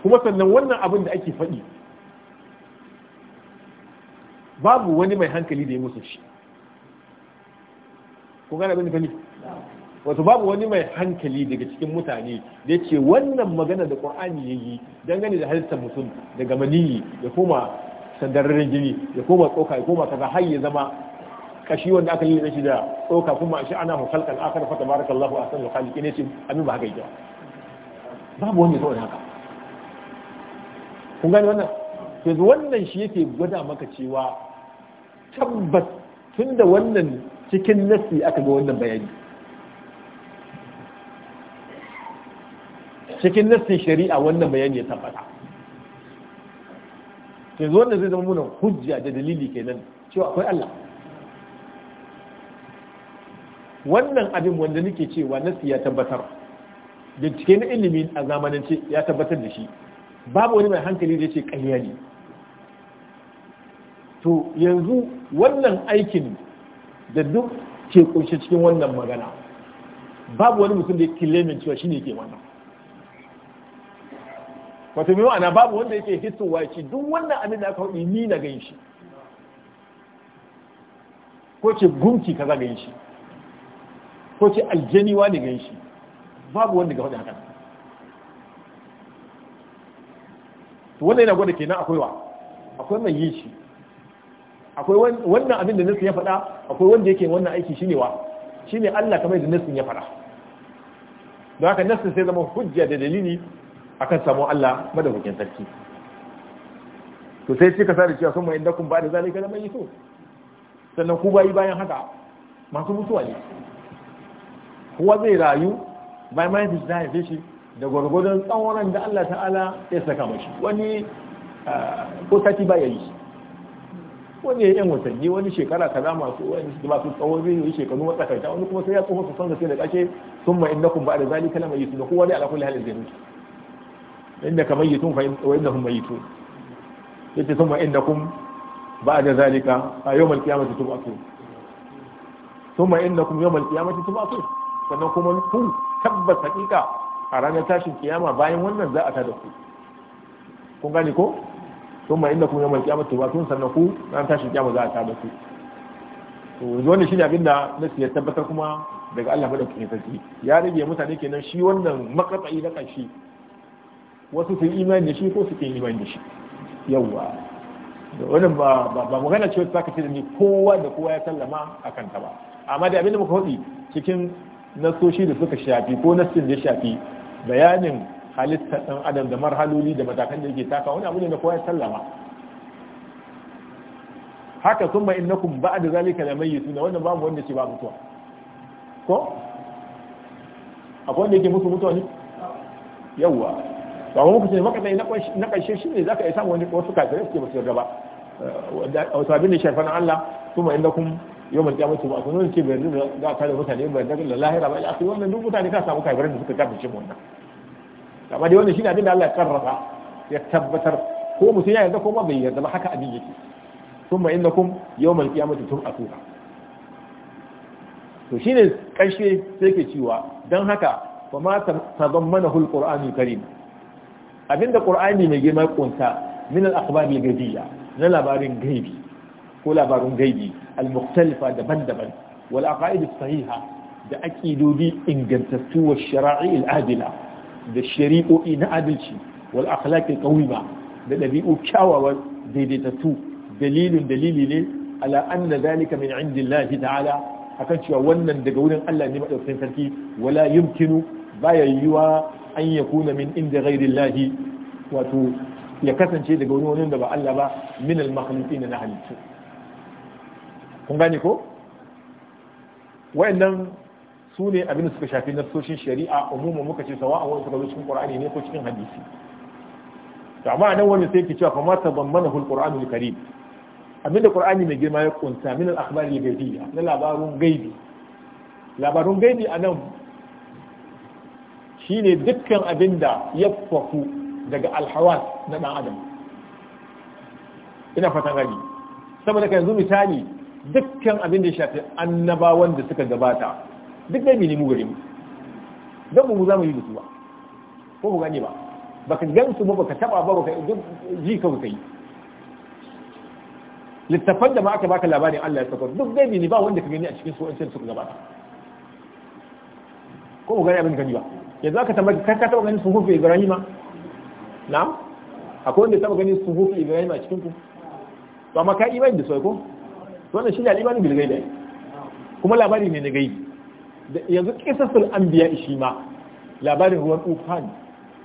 kuma sannan wannan abin da ake faɗi babu wani mai hankali da ya musu shi ko gane abin da fali wato babu wani mai hankali daga cikin mutane da ya ce wannan magana da Qur'ani ya yi dangane da halittar mutum daga maniyi ya koma sandararren jini ya koma tsoka ya koma kaza har ya zama kashi wanda aka yi da shi da tsoka kuma shi ana mu fata barakan fa a san lokali ne ce amin ba haka yi yake babu wani saboda haka kun gani wannan yanzu wannan shi yake gwada maka cewa tun tunda wannan cikin nasi aka ga wannan bayani cikin nasi shari'a wannan bayani ya tabbata yanzu wannan zai zama muna hujja da dalili kenan cewa akwai Allah wannan abin wanda nake cewa nasi ya tabbatar bincike na ilimi a zamanance ya tabbatar da shi babu wani mai hankali da ce ƙarya ne to yanzu wannan aikin da duk ke kunshe cikin wannan magana babu wani mutum da ya kilemin cewa shi ne ke wannan wato mai ma'ana babu wanda yake hitowa ce duk wannan abin da aka hudu ni na gan shi ko ce gunki kaza gan shi ko ce aljani wani ne ganshi babu wanda ga faɗi haka to wannan yana gwada kenan akwai wa akwai mai yin shi akwai wannan abin da nasu ya faɗa akwai wanda yake wannan aiki shine wa shine Allah kamar da nasu ya faɗa don haka nasu sai zama hujja da dalili akan samun Allah madaukakin sarki to sai sai ka sa da cewa sun mai dakun ba da zalika da mai yi so sannan ku bayi bayan haka masu mutuwa ne kowa zai rayu bayan mahaifin ta haife shi da gwargwadon tsawon da Allah ta'ala ya saka mashi wani ah, ko ba ya yi wani ya yan watanni wani shekara kaza masu wani masu tsawon zai yi shekaru matsakaita wani kuma sai ya tsohon su san sai da kashe sun ma inda kun ba da zali kalama yi su da kowa dai ala kulli halin zai mutu inda kamar yi tun fahimta, wa inda kun mai yi tun yace sun ma inda kun ba da zalika a yau Sun yawmal qiyamati tub'atun ثم انكم يوم القيامه تبعثون sannan kuma ku tabbas hakika a ranar tashin kiyama bayan wannan za a tada ku kun gane ko tun ma inda kuma yamma kiyama tuba tun sannan ku ranar tashin kiyama za a tada ku to yanzu wannan shine abin da na ya tabbatar kuma daga Allah madaukakin sarki ya rage mutane kenan shi wannan makatsayi na kashi wasu su imani da shi ko su ke imani da shi yawwa wannan ba ba magana ce wacce zaka ce da ni kowa da kowa ya sallama akan ta ba amma da abinda muka faɗi cikin nasoshi da suka shafi ko nassin da shafi bayanin halitta ɗan adam da marhaloli da matakan da yake taka wani abu ne da kowa ya sallama haka sun ma innakum ba da zalika da mai suna wannan babu wanda ce ba mutuwa ko akwai wanda yake mutu mutuwa ne yawwa ba mu kusa maka dai na ƙarshe shi ne zaka iya samu wani wasu kafirai suke ba su yarda ba wasu abin da shafan Allah kuma innakum yau mai kyamata ba su nuna ce bai yarda za a tare mutane bai yarda da lahira ba al'akhir wannan duk mutane ka samu kafirai da suka kafirce mu wannan amma dai wannan shine abin da Allah ya karrafa ya tabbatar ko mutum ya yarda ko ba bai yarda ba haka abin yake thumma innakum yawmal qiyamati tub'atuna to shine karshe sai ke cewa don haka fa ma tadammanahu alqur'anu karim abinda qur'ani mai girma ƙunsa min al-akhbar al-ghaibiyya na labarin gaibi ko labarin gaibi al-mukhtalifa daban-daban wal aqaid sahiha da aqidodi ingantattu wa shara'i al-adila da shari'o'i na adalci wal akhlaq al da ɗabi'u kyawawan daidaitattu dalilin dalili ne ala anna dhalika min indillahi ta'ala akan cewa wannan daga wurin Allah ne madaukakin sarki wala yumkinu baya yiwa an yakuna min inda ghairillahi wato ya kasance daga wani wani da ba Allah ba min al na na halittu kun gane ko wayannan su ne abin da suka shafi nassoshin shari'a umuman muka ce sawa'a wani suka zo cikin qur'ani ne ko cikin hadisi to amma nan wani sai ki cewa fa ma tabammanahu al-qur'anu al-karim abin da qur'ani mai girma ya kunta min al-akhbar al-ghaibiyya na labarun gaibi labarun gaibi anan shine dukkan abin da ya fafu daga alhawas na dan adam ina fatan gani saboda kan yanzu misali dukkan abin da shafi annabawan da suka gabata duk dai ne mu gare mu don mu za mu yi da su ba ko mu gane ba ka gan su ba ka taba ba ka ji ka kai littafan da ma aka baka labarin Allah ya saka duk dai ne ba wanda ka gani a cikin su wancan suka gabata ko mu gane abin ka ji ba yanzu aka tambaye ka taba ganin suhufi hufe Ibrahima na'am akwai wanda taba ganin suhufi hufe Ibrahima a cikin ku ba amma ka imani da su ko wannan shi ne al'imani bil gaibi kuma labari ne na gaibi yanzu an biya shi ma labarin ruwan ufan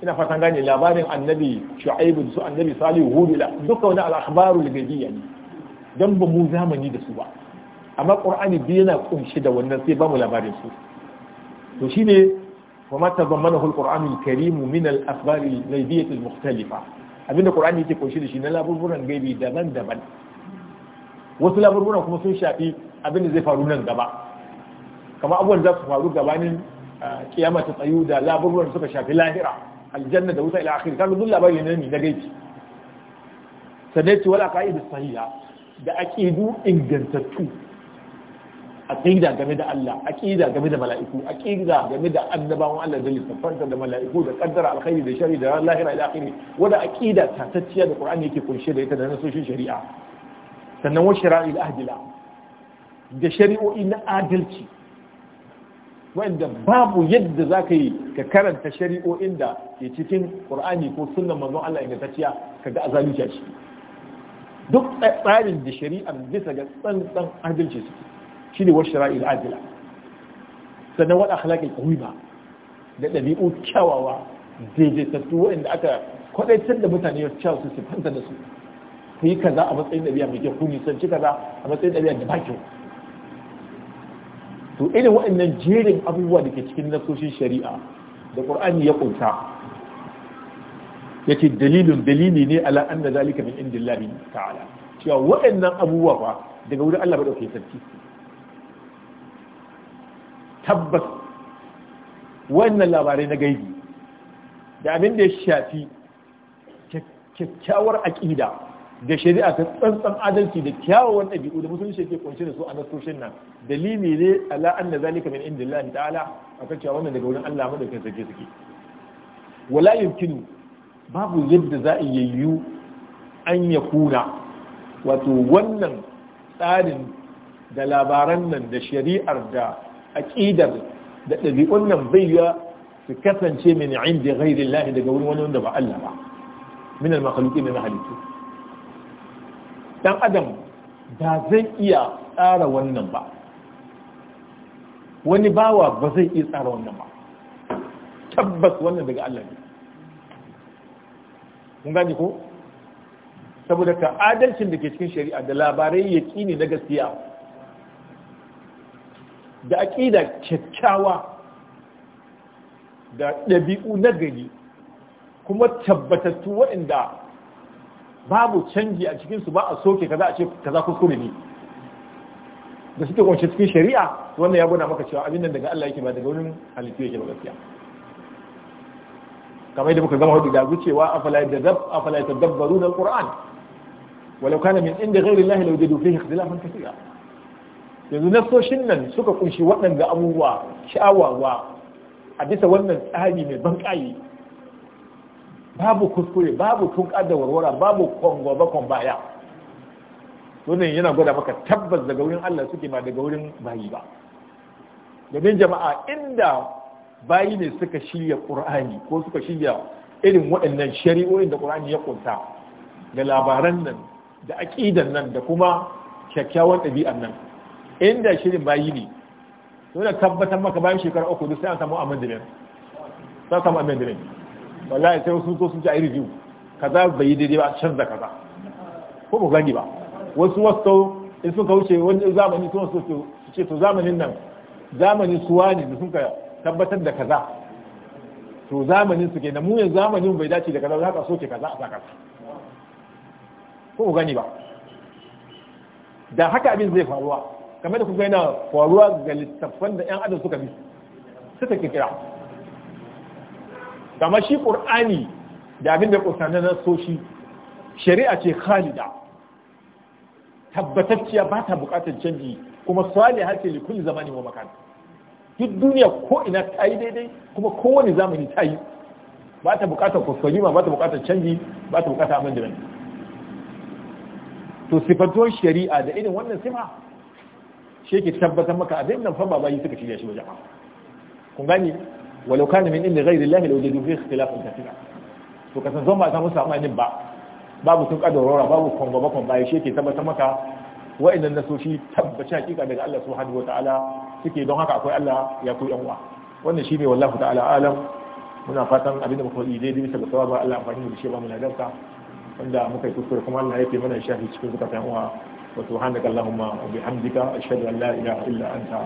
ina fatan gane labarin annabi shu'aibu su annabi salihu hudu la duka wani al da al ne don ba mu zamani da su ba amma qur'ani biyu yana kunshi da wannan sai ba mu labarin su to ne wa ma tazammanahu al-qur'anu al-karim min al-akhbari al-gaibiyyah al-mukhtalifa abinda qur'ani yake kunshi da shi na labarin gaibi daban-daban wasu labaruna kuma sun shafi abin da zai faru nan gaba Kama abubuwan za su faru gabanin ah, kiyama ta tsayu da labarunan suka shafi lahira aljanna da wuta ila akhir kaga duk labari ne ne na gaici sannan ce wala qa'idu sahiha da aƙidu ingantattu aqida game da Allah aqida game da mala'iku aqida game da annabawan Allah da littafansa da mala'iku da kaddara alkhairi da shari'a, da lahira ila akhir wanda aqida tatacciya da Qur'ani yake kunshe da ita da nasoshin shari'a sannan wa shari'il ahdila da shari'o'i na adalci wanda babu yadda za ka yi ka karanta shari'o'in da ke cikin ƙur'ani ko sunan manzon Allah ingantacciya ka ga ta shi duk tsarin da shari'ar bisa ga tsantsan adalci suke shine wa shari'il ahdila sannan wa akhlaqil qawima da ɗabi'u kyawawa daidaitattu wanda aka kwadaitar da mutane cewa su fanta da su ku yi kaza a matsayin ɗabi'a mai kyau ku nisanci kaza a matsayin ɗabi'a da ba kyau to irin waɗannan jerin abubuwa da ke cikin nasoshin shari'a da ƙur'ani ya kunta yace dalilin dalili ne ala anna zalika min indillahi ta'ala cewa waɗannan abubuwa ba daga wurin Allah madaukakin sarki tabbas wannan labarai na gaibi da abin da ya shafi kyakkyawar aƙida ga shari'a ta tsantsan adalci da kyawawan ɗabi'u da musulunci ke kunshi da su a nasoshin nan dalili ne ala da zalika min inda indillahi ta'ala kan cewa wannan daga wurin Allah da kai sake suke wala yumkinu babu yadda za a yayyu an ya kuna wato wannan tsarin da labaran nan da shari'ar da aƙidar da ɗabi'un nan bai yiwa su kasance min inda ghairi daga wurin wani wanda ba Allah ba min al-makhluqi na halittu dan adam ba zai iya tsara wannan ba wani bawa ba zai iya tsara wannan ba tabbas wannan daga Allah ne kun gani ko saboda ka adalcin da ke cikin shari'a da labarai ya ne na gaskiya da aƙida kyakkyawa da ɗabi'u na gari kuma tabbatattu waɗanda babu canji a cikinsu ba a soke kaza a ce kaza kuskure ne da suke kwanci cikin shari'a wannan ya gwada maka cewa abin nan daga Allah yake ba daga wurin halittu yake ba gaskiya kamar yadda muka gama hudu da gucewa afala yadabb afala da alquran walau kana min inda ghairi Allah law jadu fihi ikhtilafan kathira yanzu nasoshin nan suka kunshi waɗanda abubuwa sha'awawa a bisa wannan tsari mai banƙayi babu kuskure babu tun da warwara babu kongo bakon baya wannan yana gwada maka tabbas daga wurin Allah suke ba daga wurin bayi ba domin jama'a inda bayi ne suka shirya qur'ani ko suka shirya irin waɗannan shari'o'in da qur'ani ya kunta da labaran nan da aqidan nan da kuma kyakkyawan ɗabi'an nan inda shirin bayi ne to da tabbatar maka bayan shekara uku duk sai an samu amendment sai wallahi sai sun zo sun ji a iri review kaza bai yi daidai ba a canza kaza ko ba gani ba wasu wasu in suka wuce wani zamani sun so su ce to zamanin nan zamanin suwa ne da sun ka tabbatar da kaza to zamanin su ke na yanzu zamanin bai dace da kaza za ka soke kaza a saka ko gani ba da haka abin zai faruwa kamar da kuka yana faruwa ga littattafan da 'yan adam suka bi suka kira Gama shi ƙur'ani da abin da ƙusanin na soshi shari'a ce khalida tabbatacciya ba ta buƙatar canji kuma saliha harke ne kulli zamani wa makan duk duniya ko ina ta yi daidai kuma kowane zamani ta yi ba ta buƙatar kusurima ba ta buƙatar canji ba ta buƙatar amendment to sifantuwar shari'a da irin wannan sima shi ke tabbatar maka abin nan fa ba bayi suka shirya shi wajen kun gani ولو كان من inda غير الله law jadu fihi ikhtilafan kathira to kasan zan ما ta musu amma ba babu tun kadarora babu kongo ba kon bai shi ke tabbata maka wa'annan nasoshi tabbaci hakika daga Allah subhanahu wataala suke don haka akwai Allah ya ku yan uwa wannan shine wallahu ta'ala alam muna fatan da muka yi daidai bisa ga sababa Allah amfani da shi ba mu ladanka wanda muka yi kuskure kuma Allah ya fi mana shafi cikin zakatan uwa wa subhanaka allahumma wa bihamdika ashhadu an la ilaha illa anta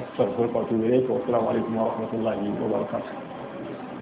astaghfiruka wa atubu ilayk wa assalamu alaikum wa rahmatullahi wa